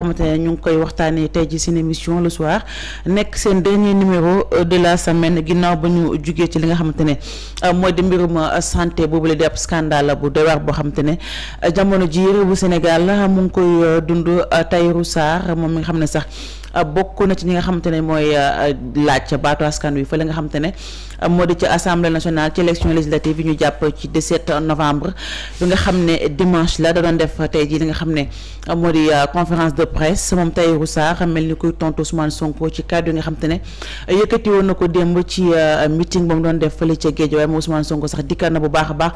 xamante ne ñu ngi koy waxtaanee tey ji seen émission le soir nekk seen dernier numéro euh, de la semaine ginnaaw ba ñu jugee ci li nga xamante ne euh, mooy di mbirum euh, santé boobule di ab scandale bu doy boo xamante ne jamono ji réew bu Sénégal mu ngi koy dund Tahirou Sarr moom mi nga xam ne sax bokk na ci ñi nga xamante ne mooy laaj baatu askan wi fa li nga xamante ne. moo di ci assemblée nationale ci élection législative yi ñu jàpp ci 17 novembre bi nga xam ne dimanche la da doon def tey jii li nga xam ne moo di euh, conférence de presse moom Tahirou Sarr mel ni kuy tontu Ousmane Sonko ci kàddu yi nga xam te ne yëkkati woon na ko démb ci euh, meeting ba mu doon def fële ca Guédiawaye moom Ousmane Sonko sax dikkaat na bu baax a baax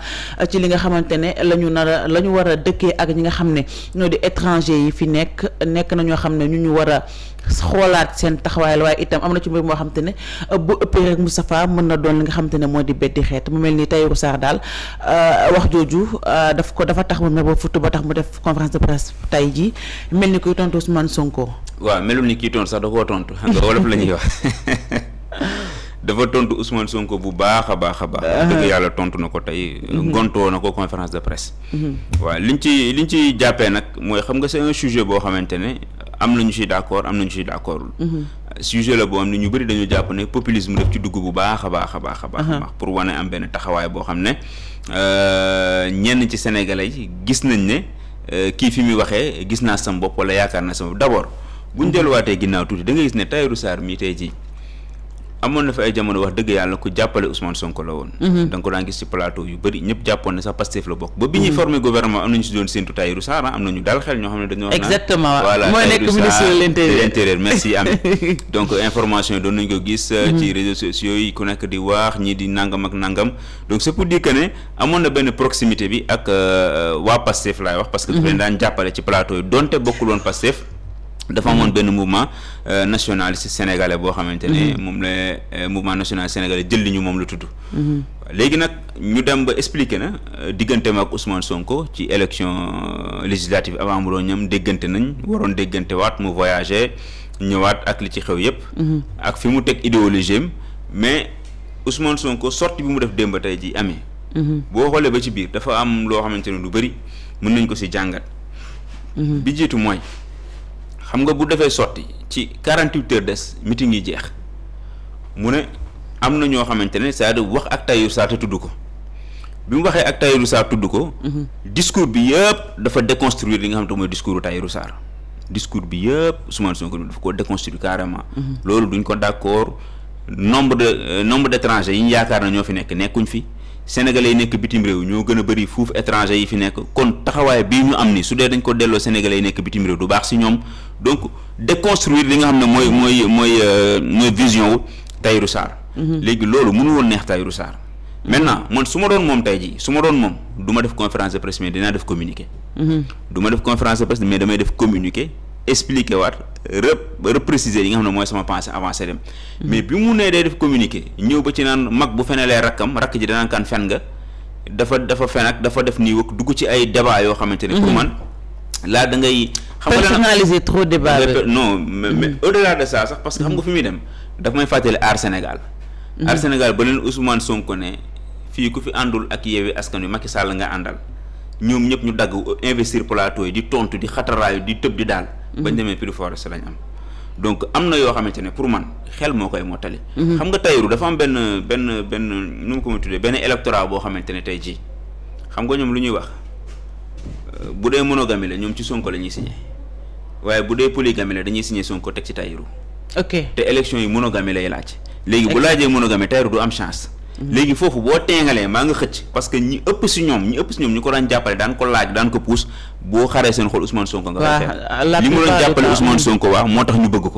ci li nga xamante ne la ñu nar a la ñu war a dëkkee ak ñi nga xam ne ñoo di étranger yi fi nekk nekk na ñoo xam ne ñu ñu war a xoolaat seen taxawaay la waaye itam am na ci mbir moo xam te euh, bu ëppee rek Moustapha mën na doon li nga xam te ne moo di beddi xeet mu mel ni Tahirou Sarr daal euh, wax jooju euh, daf ko dafa tax mu ne ba futu ba tax mu def conférence de presse tay ji mel ni kuy tontu Ousmane Sonko. waaw melul ni kii tontu sax da koo tontu. xam nga wolof la ñuy wax dafa tontu Ousmane Sonko bu baax a baax a baax. dëgg uh-huh. yàlla tontu na ko tey. Mm-hmm. gontoo na ko conférence de presse. Mm-hmm. waaw liñ ci liñ ne. am nañu ci d'accord am nañu ci d'accordul mhm. sujet la boo xam ne ñu bëri dañoo jàpp ne populisme daf ci dugg bu baax a baax a baax a mhm. pour wane am benn taxawaay boo xam ne euh, ñenn ci sénégalais yi gis nañ ne euh, kii fi muy waxee gis naa sama bopp wala yaakaar na sama bopp d'abord buñ mhm. delluwaatee ginnaaw tuuti da nga gis ne Tahirou Sarr mii tey ji amoon na fa ay jamono wax dëgg yàlla ku jàppale Ousmane Sonko la woon. Mhm. da ko daan gis ci plateau yu bëri ñëpp jàppoon ne sax Pastef la bokk. ba bi ñuy mhm. formé gouvernement am nañu si doon séntu Tahirou Sarr am nañu daal xel ñoo xam ne dañoo. ko gis. Euh, mhm. ci réseaux sociaux yi ku nekk di waax ñii di nangam ak nangam donc c' est pour ne amoon na benn proximité bi ak euh, euh, waa Pastef laay wax. parce que dañ daan jàppale ci plateau yi donte bokkul woon Pastef dafa amoon benn mouvement euh, si sénégalais boo xamante ne mhm. moom la euh, mouvement nationaliste sénégalais jël li ñu moom la tudd mhm. léegi nag ñu dem ba expliqué na euh, digganteem ak Ousmane Sonko ci élection législative avant mu doon ñam déggante nañ waroon déggante waat mu voyagé ñëwaat ak li ci xew yépp mhm. ak fi mu teg idéologie am mais Ousmane Sonko sorti bi mu def démb tey ji amee boo xoolee ba ci biir dafa am loo xamante ne lu bëri mën nañ ko si jàngat bi jiitu xam nga bu defee sotti ci quarante huit des meeting yi jeex mu ne am na ñoo xamante ne c'est-à-dire wax ak Tahirou Sarr te tudd ko bi mu waxee ak Tahirou Sarr tudd ko. Mhm. discours bi yëpp dafa déconstruire li nga xam ne te mooy discours Tahirou Sarr discours bi yëpp Ousmane Sonko dafa ko déconstruire carrément. Mhm. loolu duñ ko d'accord nombre de euh, nombre d'étrangers yi ñu yaakaar na ñoo fi nekk nekkuñ fi. sénégalais yi nekk bitim réew ñoo gën a bëri fuuf étranger yi fi nekk kon taxawaay bii ñu am ni su dee dañ ko delloo sénégalais yi nekk bitim du baax si ñoom donc déconstruire li nga xam ne mooy mooy mooy euh, mooy vision wu Tahirou Sarr. Mhm. léegi loolu mënu woon neex Tahirou Sarr. maintenant man su ma doon moom tey jii su ma doon moom du ma def conférence de presse mais dinaa def communiqué. Mhm. du ma def conférence de presse mais damay def communiqué expliqué waat re repréciser li nga xam ne mooy sama pensée avancé dem. Mhm. mais bi mu nee day def communiqué ñëw ba ci naan mag bu fenelee rakkam rakk ji danaan kan fen nga dafa dafa fen ak dafa def nii wëkk dugg ci ay débat yoo xamante ne. man. laa da ngay. xam nga personnaliser trop débat non mais, mais mm. au delà de ça sax parce que xam nga mm. fi muy dem daf may fàttali aar Sénégal. Mm. aar Sénégal ba leen Ousmane Sonko ne fii ku fi àndul ak Yewwi Askan Wi Macky sàll nga àndal ñoom ñëpp ñu dagg investir plateau yi di tontu di xataraayu di tëb di daal. Mm. bañ demee prix forest lañ am. donc am na yoo xamante ne pour man xel moo koy mottali. Mm-hmm. xam nga Tahirou dafa am benn benn benn nu mu ko ma tuddee benn électorat boo xamante ne tey jii xam nga ñoom lu ñuy wax. bu dee mono la ñoom ci Sonko la ñuy signé waaye bu dee polygamie la dañuy signé Sonko teg ci Tahirou. ok te élection yi monogamie lay laaj. léegi bu laajee monogamie Tahirou du am chance. léegi foofu boo teengalee maa nga xëcc parce que ñi ëpp si ñoom ñi ëpp si ñoom ñu ko daan jàppale daan ko laaj daan ko puus boo xaree seen xol Ousmane Sonko nga mhm. li mu doon jàppale Ousmane Sonko ko moo tax ñu bëgg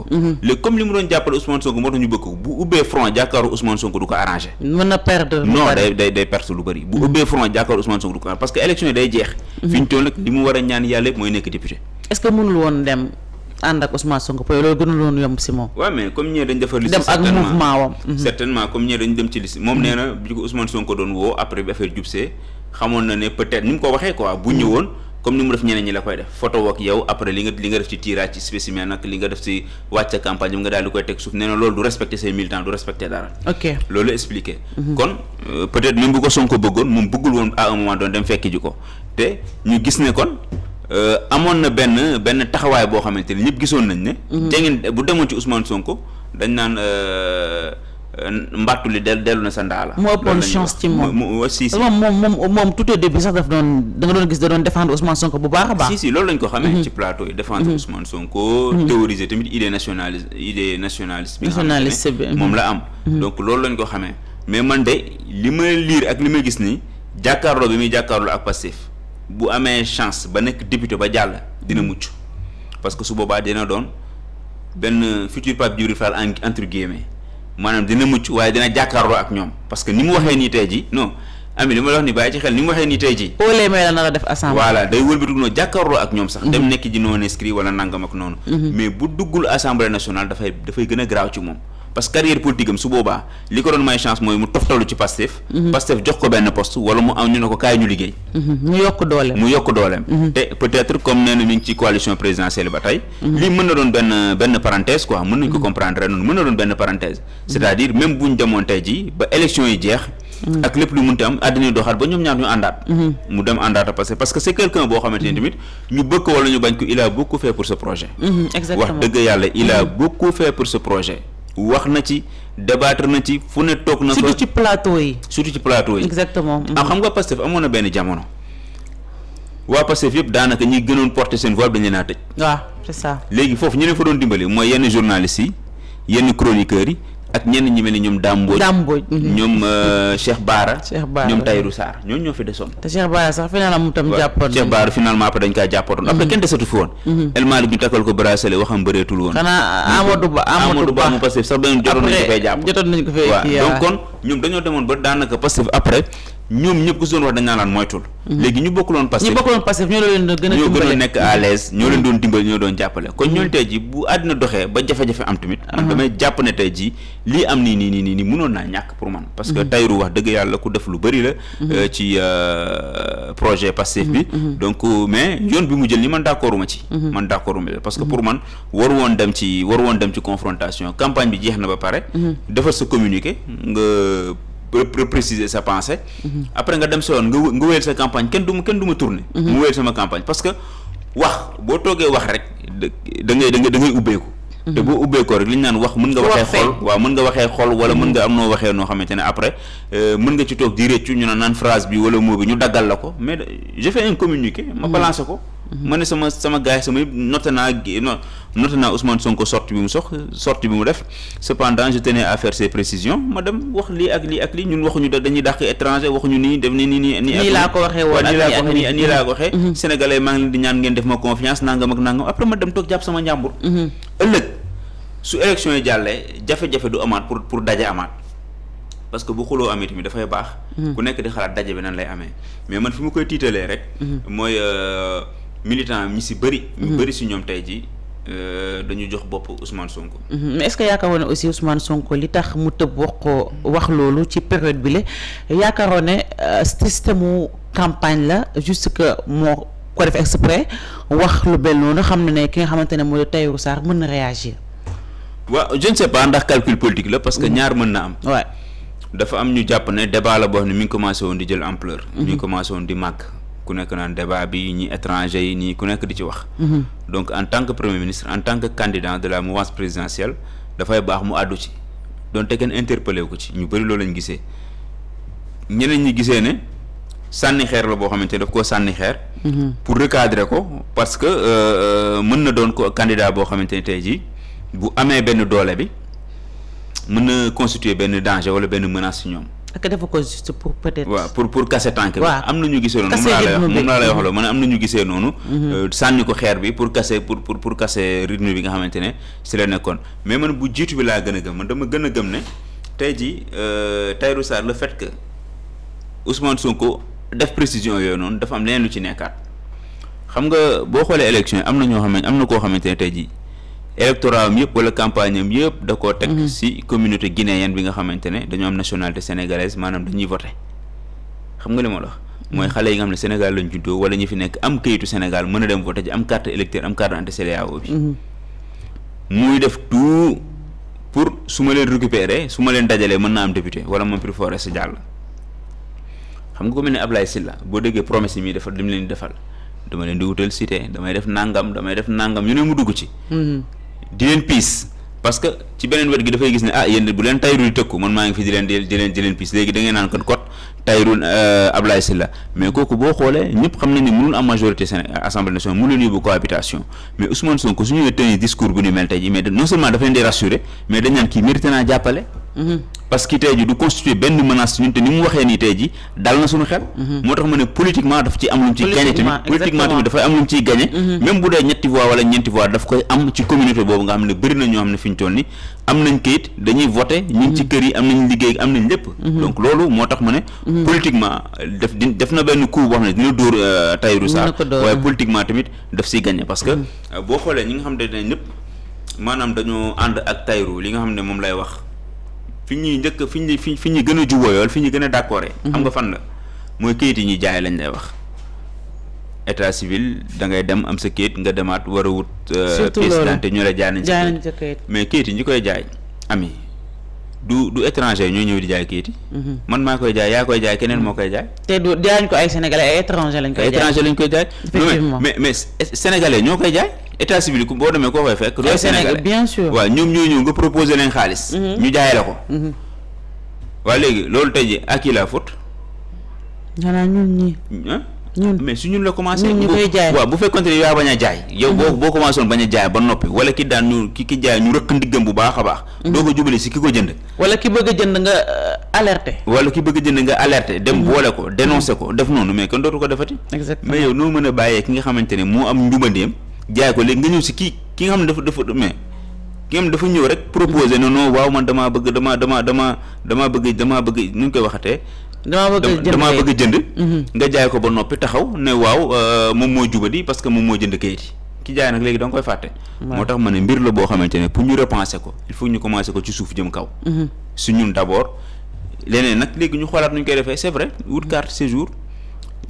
ko bu ubbee front jàkkaaru Ousmane Sonko du ko arrangé mën na perdre non day day day lu bëri bu mhm. ubbee front jàkkaaru Ousmane Sonko du ko arrangé parce que élection yi day jeex mhm. fi ñu toll nag li mu war a ñaan yàlla mooy nekk député est ànd ak Ousmane Sonko pour loolu gënuloon yomb si moom. waaw mais comme ñee dañ defar liste. dem ak mouvement wam mhm. certainement comme ñee dañ dem ci liste moom mhm. nee na bi ko Ousmane Sonko doon woo après bi affaire jubsee xamoon na ne peut ni mu ko waxee quoi bu mhm. ñëwoon. comme ni mu def ñeneen ñi la koy def photo ak yow après li nga def ci tirage ci spécimen nag li nga def ci wàcc campagne bi nga daal di koy teg suuf nee loolu du respecter ses militants Euh, amoon na benn benn taxawaay boo xamante ni ñëpp gisoon nañ ne. Mhm. te bu demoon ci usman Sonko dañ naan euh, euh, mbattu li del dellu na sa ndaa la. mu ëppoon chance ci moom mu si si. moom moom moom tout au sax daf doon da nga doon gis da doon défendre Ousmane Sonko bu baax a baax. si si loolu lañ ko xamee. Mhm. ci plateau yi défendre mhm. Ousmane Sonko. théoriser tamit idée nationaliste idée nationaliste. bi nga xam moom la am. donc loolu lañ ko xamee mais man de li may lire ak li ma gis nii jàkkaarloo bi muy jàkkaarloo ak passif. bu amee chance ba nekk député ba jàll dina mm-hmm. mucc parce que su boobaa dina doon benn futur Pape Djibril Fall entre guillemets maanaam dina mucc waaye dina jàkkaarloo ak ñoom parce que ni mu mm-hmm. waxee nii tey ji non ami li ma wax ni bàyyi ci xel ni mu waxee nii tey ji oolee may la nar a def assemblée voilà day wëlbatiku noonu jàkkaarloo ak ñoom sax mm-hmm. dem nekk ji non inscrit wala nangam ak noonu mais bu duggul assemblée national dafay dafay gën a garaaw ci moom parce que carrière politique am su boobaa li ko doon may chance mooy mu toftalu ci Pastef mhm. Pastef jox ko benn poste wala mu am ñu ne ko kaay ñu liggéey mhm. mu yokk dooleem mhm. te peut-être comme nee na ci coalition présidentielle ba tey lii mën na doon benn parenthèse quoi mën nañ ko comprendre noonu mën na doon benn parenthèse c'est-à-dire même buñ demoon tey ji ba élection yi jeex ak lépp lu mënti am àddina doxaat ba ñoom ñaar ñu àndaat mu dem àndaat wax na ci débattre na ci fu ne toog na. surtout ci plateau yi. surtout ci plateau yi. exactement. ah xam nga Pastef amoon na benn jamono waa Pastef yëpp daanaka ñi gënoon porter seen voix dañu leen a tëj. waaw c'est ça. léegi foofu ñu ne fa doon dimbali mooy yenn journalistes yi yenn chroniqueurs yi. ak ñenn ñi mel ni ñoom Damboj. Damboj mhm. ñoom euh, Cheikh Baara. Cheikh Baara ñoom Tayrou Sarr ñooñu ñoo fi desoon. te Cheikh Baara sax finalement mu tam jàppoon. Cheikh Baara finalement après dañ kaa jàppoon. après mhm. kenn desatu fi woon. Mhm. El ñu takkal ko bracelet waxam bëreetul woon. xanaa Amadou Ba Amadou Ba mu parce sax beneen jotoon nañu ko fay jàpp. jotoon nañu ko fay kii donc kon ñoom dañoo demoon ba daanaka parce que après. ñoom ñëpp ku si doon wax dañ naan moytul. Mhm. léegi ñu bokkuloon Pastef ñu bokkuloon Pastef ñoo leen doon gën a. ñoo gën a nekk à l'aise ñoo leen doon dimbali ñoo doon jàppale. kon ñooñu mhm. tey jii bu àddina doxee ba jafe-jafe am tamit. man mhm. damay jàpp ne tey jii lii am nii nii nii nii mënoon naa ñàkk pour man. parce que Tahirou wax dëgg yàlla ku def lu bëri la. Euh, ci euh, projet Pastef bi. donc euh, mais yoon bi mu jël ni man d'accordu ma ci. man d'accordu ma parce que pour man war woon dem ci war woon dem ci confrontation campagne bi jeex na ba pare. defar sa communiqué nga. préciser sa pensée mm-hmm. après nga dem sa woon nga nga wéyal sa campagne kenn du ma kenn duma ma tourner mm-hmm. mu wéyal sama campagne parce que wax boo toogee wax rek da ngay da ngay da ngay ubbeeku mm-hmm. te boo ubbeekoo rek li ñu naan wax mën nga waxee xol waaw mën nga waxee wala mën nga am noo waxee noo xamante ne après euh, mën nga ci toog di réccu ñu naan naan phrase bi wala mot bi ñu daggal la ko mais j'ai fait un communiqué ma balancé ko Mm-hmm. ma ne sama sama gars yi sama yëpp noté naa noté naa Ousmane Sonko sortie bi mu sox sortie bi mu def cependant je tenais à faire ces ma dem wax lii ak lii ak lii ñun waxuñu da dañuy dàq étranger waxuñu nii def ni nii nii nii laa ko waxee woon nii laa ko waxee nii laa ko waxee mm-hmm. sénégalais maa ngi leen di ñaan ngeen def ma confiance nangam ak nangam après ma dem toog jàpp sama njàmbur mm-hmm. ëllëg su élection yi jàllee jafe-jafe du amaat pour pour daje amaat parce que militant mi si bëri. ñu mhm. bëri si ñoom tey jii euh, dañu jox bopp Ousmane Sonko. Mhm. mais est-ce que yaakaaroon ne aussi Ousmane Sonko li tax mu tëb wax ko wax loolu ci période bi la yaakaaroon ne euh, système mu campagne la juste que moo ko def exprès wax lu bel noonu xam na ne ki nga xamante ne mooy Tahirou Sarr mën na réagir. waaw je ne sais pas ndax calcul politique la parce que mhm. ñaar mën na am. waay dafa am ñu jàpp ne débat la boo xam ne mi ngi commencé woon di jël ampleur. mi ngi commencé woon di màgg. ku nekk naan débat bi ñi étranger yi ñi ku nekk di ci wax. Mhm. donc en tant que premier ministre en tant que candidat de la mouvance présidentielle dafay baax mu àddu ci donte kenn interpellé ko ci ñu bëri loolu lañ gisee ñeneen ñi gisee ne sànni xeer la boo xamante ne daf koo sànni xeer. Mhm. pour recadrer ko parce que euh, euh, mën na doon ko candidat boo xamante ne tey jii bu amee benn doole bi mën na constituer benn danger wala benn menance ci ñoom. parce que dafa ko juste pour peut-être. pour pour casser tànk bi. am na ñu gisee noonu. casser rythme bi moom laa lay wax moom laa lay wax am na ñu gisee noonu. Mhm. Euh, sànni ko xeer bi pour kase pour pour pour casser rythme bi nga xamante ne si la nekkoon mais man bu jiitu bi laa gën a gëm man dama gën a gëm ne tey jii euh, Tahirou Sarr le fait que Ousmane Sonko def précision yooyu noonu dafa am leneen lu ci nekkaat xam nga boo xoolee élection yi am na ñoo xam am na koo xamante ne tey jii. électorat am yëpp wala campagne am yëpp da koo teg mhm. si communauté guinéenne bi nga xamante ne dañoo am nationalité sénégalaise maanaam dañuy vote xam nga li ma la mooy mhm. xale yi nga xam ne Sénégal lañ juddoo wala ñu fi nekk am kayitu Sénégal mën a dem voté ji am carte électeur am carte d'identité CEDEAO bi mhm. muy def tout pour su ma leen récupérer su ma leen dajalee mën naa am député wala moom prix forest jàll xam nga ko mel ne Ablaye Sylla boo déggee promesse yi muy defal leen defal dama leen di wutal cité damay def nangam damay def nangam ñu ne mu dugg ci di leen piis parce que ci beneen wet gi dafay gis ne ah yéen bu leen tayru di tëkku man maa ngi fi di leen di leen di leen piis léegi da ngeen naan kon kot Tahirou euh, Ablaye Sylla mais kooku boo xoolee ñëpp xam nañ ne mënul am majorité Sénégal assemblée nationale mënul yóbbu cohabitation mais Ousmane Sonko su ñëwee tenir discours bu ni mel tey ji mais non seulement dafa leen di rassurer mais dañ naan kii mérité naa jàppale. Mm-hmm. parce que tey ji du constituer benn menace ñun te ni mu waxee nii tey ji dal na suñu xel. Mm-hmm. moo tax ma ne politiquement daf ci am lu mu ciy gagné politiquement tamit dafay am lu mu ciy gagné. Mm-hmm. même bu wala ñeenti voix daf koy am ci communauté boobu nga xam ne bëri na ñoo xam ne fi ñu toll am nañ kayit dañuy voté ñu ngi ci mhm. kër yi am nañu liggéey am nañ lépp mhm. donc loolu moo tax ma ne mhm. politiquement def di def na benn coup boo xam ne dina dóor euh, Tahirou Sarr waaye politiquement tamit def siy gagné parce que euh, boo xoolee ñi nga xam ne dañ ñëpp maanaam dañoo ànd ak Tahirou li nga xam ne moom lay wax fi ñuy njëkk fi ñu fi fi ñuy gën a jubóoyool fi ñu gën a d'accord xam nga fan la mooy kayit yi ñuy jaaye lañ lay wax état civil da ngay dem am sa kayit nga demaat war a te euh, ñoo loolu pièce d'identité ñu la jaay nañ. sa kayit mais kayit yi ñu koy jaay ami du du étranger ñoo ñëw di jaay kayit yi. Mhm. man maa koy jaay yaa koy jaay keneen moo koy jaay. te du jaayuñ ko ay sénégalais ay étranger lañ koy jaay lañ koy jaay. effectivement mais mais ñoo koy jaay. état civil boo demee koo koy fekk. ay sénégalais bien sûr waaw ñoom ñoo ñëw nga proposé leen xaalis. Mhm. ñu jaay la ko. Mhm. waa léegi loolu tey jii à qui la faute. ñii. ñun mais su ñun la commencé. ñu koy jaay waaw bu fekkoon ne yaa bañ a jaay. yow boo mm-hmm. boo commencé woon jaay ba noppi wala ki daan ñu ki ki jaay ñu rëkk ndiggam bu baax a baax. Mm-hmm. ko jubali si ki ko jënd. wala ki bëgg a jënd nga euh, wala ki bëgg a nga alerté dem mm-hmm. boole ko dénoncé ko def noonu mais kon dootu ko defati. exactement mais yow noo mën a bàyyee nga xamante ne moo am njubandeem jaay ko léegi nga ñëw si kii ki nga xam ne dafa dafa mais. ki dafa ñëw rek proposer na non waaw man damaa bëgg damaa damaa damaa damaa bëgg damaa bëgg nu ñu koy waxatee damaa bëgg jënd damaa bëgg jënd. Mhm. nga jaay ko ba noppi taxaw ne waaw euh, moom mooy jubadi parce que moom mooy jënd kayit yi ki jaay nag léegi da nga koy fàtte. moo tax ma ne mbir la boo xamante ne pour ñu repenser ko il faut ñu commencer ko ci suuf jëm kaw. Mhm. su ñun d'abord leneen nag léegi ñu xoolaat nu ñu koy defee c'est vrai wut carte séjour.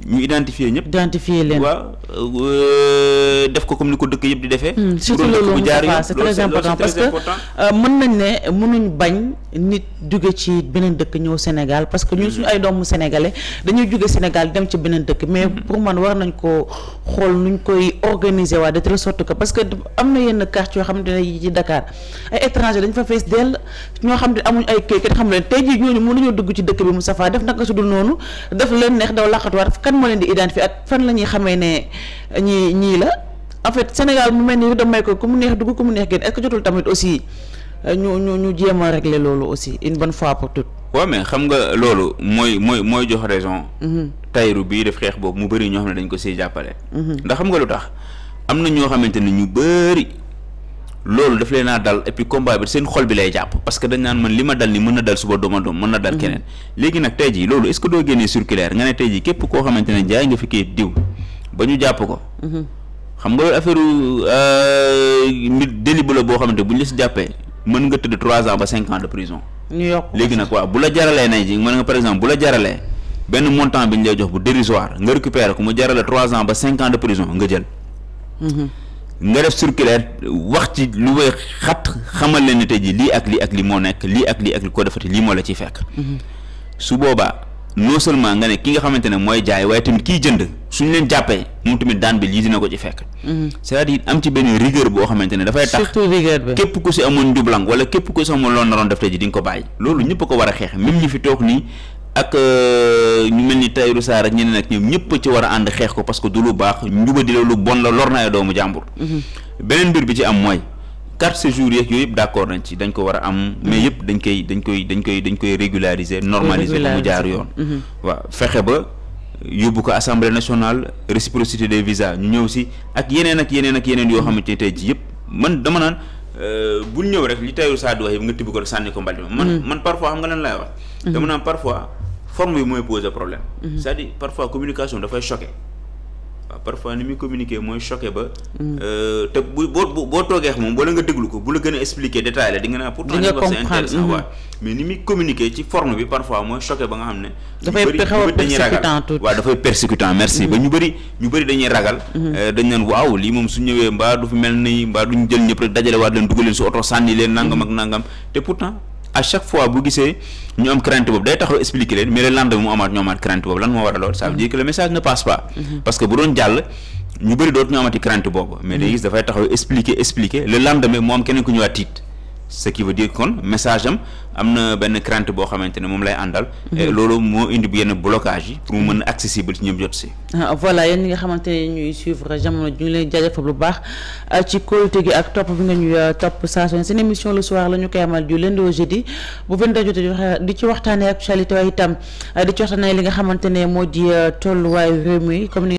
ñu identifier ñëpp. identifier leen waaw euh, def ko comme ni ko dëkk yëpp di defee. Hmm, surtout loolu c'est très important parce euh, que mën nañ ne mënuñ bañ nit jóge ci beneen dëkk ñëw Sénégal parce que ñun suñu ay doomu sénégalais dañuy jóge Sénégal dem ci beneen dëkk mais hmm. pour man war nañ ko xool nuñ koy organiser waa de telle sorte parce que am na yenn quartier yoo xam ne yi ci Dakar ay étranger dañ fa fees dell ñoo xam ne amuñ ay këyit xam leen tey jii ñooñu mënuñoo dugg ci dëkk bi Moustapha def naka su dul noonu def leen neex daw laqatuwaat kan moo leen di identifier ak fan la ñuy xamee ne ñii ñii la en fait Sénégal mu mel ni damay ko ku mu neex dugg ko mu neex génn est jotul tamit aussi euh, ñu ñu ñu jéem a régler loolu aussi une bonne fois pour toutes. waaw mais xam nga loolu mooy mooy mooy jox raison. Mm-hmm. Tahirou bii def xeex boobu mu bëri ñoo xam ne dañ ko siy jàppale. Mm-hmm. ndax xam nga lu tax am na ñoo xamante ne ñu bëri. loolu daf leen naa dal et puis combat bi seen xol bi lay jàpp parce que dañ naan man li ma dal ni mën na dal suba dooma doom mën na dal mhm. keneen léegi nag tey jii loolu est-ce que doo génnee circulaire nga ne tey jii képp koo xamante ne jaay nga fi diw ba ñu jàpp ko mhm. xam nga loolu affaire mbir euh, délit bu la boo xamante bu ñu la si jàppee mën nga tëdd trois ans ba cinq ans de prison ñu yokk léegi nag waaw bu la jaralee nay ji mën nga par exemple bu la jaralee benn montant bi lay jox bu dérisoire nga récupérer ko mu jarale trois ans ba cinq ans de prison nga jël mhm. nga def circulaire wax ci lu way xat xamal leen ne tey ji lii ak lii ak lii moo nekk lii ak lii ak li ko defati lii moo la ciy fekk mm-hmm. su boobaa non seulement nga ne ki nga xamante ne mooy jaay waaye tamit kiy jënd suñ leen jàppee moom tamit daan bi lii dina ko ci fekk mm-hmm. cest à am ci benn rigueur boo xamante ne dafay tax surtout rigueur bi képp ku si amoon njublang wala képp ko si amoon loon naroon def tey ji di nga ko bàyyi loolu ñëpp a ko war a xeex même ñi fi toog nii ak euh, ñu mel ni Tahirou saa ak ñeneen ak ñoom ñëpp ci war a ànd xeex ko parce que du lu baax njubadi la lu bon la lor na ay doomu jàmbur. Mhm. beneen mbir bi ci am mooy carte séjour yeeg yooyu yëpp d' accord nañ ci dañ ko war a am. mais mhm. yëpp dañ koy dañ koy dañ koy dañ koy régulariser. normaliser ba mu jaar yoon. Mhm. waaw fexe ba yóbbu ko assemblée nationale réciprocité des visa ñu ñëw si ak yeneen ak yeneen ak yeneen yoo xamante ne tey jii yëpp man dama naan. Euh, bul ñëw rek li Tahirou saa di wax yëpp nga sànni ko mbal ma man man parfois xam nga lan laay wax dama naan parfois forme bi mooy poser problème. Mhm. c'est-à-dire parfois communication dafay choquer waaw parfois ni muy communiquer mooy choquer ba. Mhm. Euh, te bu boo boo toogee xam moom boo nga déglu ko bu la gën a expliquer détail la di nga naan pourtant. di nga comprendre c'est intéressant mhm. waaw ba nga xam ne. dafay xaw a persécutant tuuti waaw dafay persécutant merci ba ñu bëri ñu bëri dañuy ragal. Euh, dañ naan waaw lii moom su ñëwee mbaa du fi mel nii mbaa ñu jël ñëpp rek dajale waat leen dugal leen su oto sànni leen nangam ak nangam te pourtant. à chaque fois bu gisee ñu am crainte boobu day taxaw expliquer leen mais le lendemain mu amaat ñu amaat crainte boobu lan moo war a lool ça veut que le message ne passe mhm. parce que bu doon jàll ñu bëri dootu ñu amati crainte boobu mais mhm. day gis dafay taxaw expliquer expliquer le lendemain mu am keneen ku ñëwaat tiit ce qui veut dire kon message am am na benn crainte boo xamante ne moom lay àndal. Mhm. loolu moo indi yenn blocage yi. pour mu mën a accessible ci ñëpp jot si. Ah, voilà yéen ñi nga xamante ne ñuy suivre jamono ji ñu leen jaajëfal lu baax ah, ci kóolute gi ak topp bi nga ñuy ah, topp saa seen émission le soir la ñu koy amal ju lundi jeudi bu vingt heures jotee di ci waxtaanee actualité waaye itam di ci waxtaanee li nga xamante ne moo di tolluwaayu réew mi comme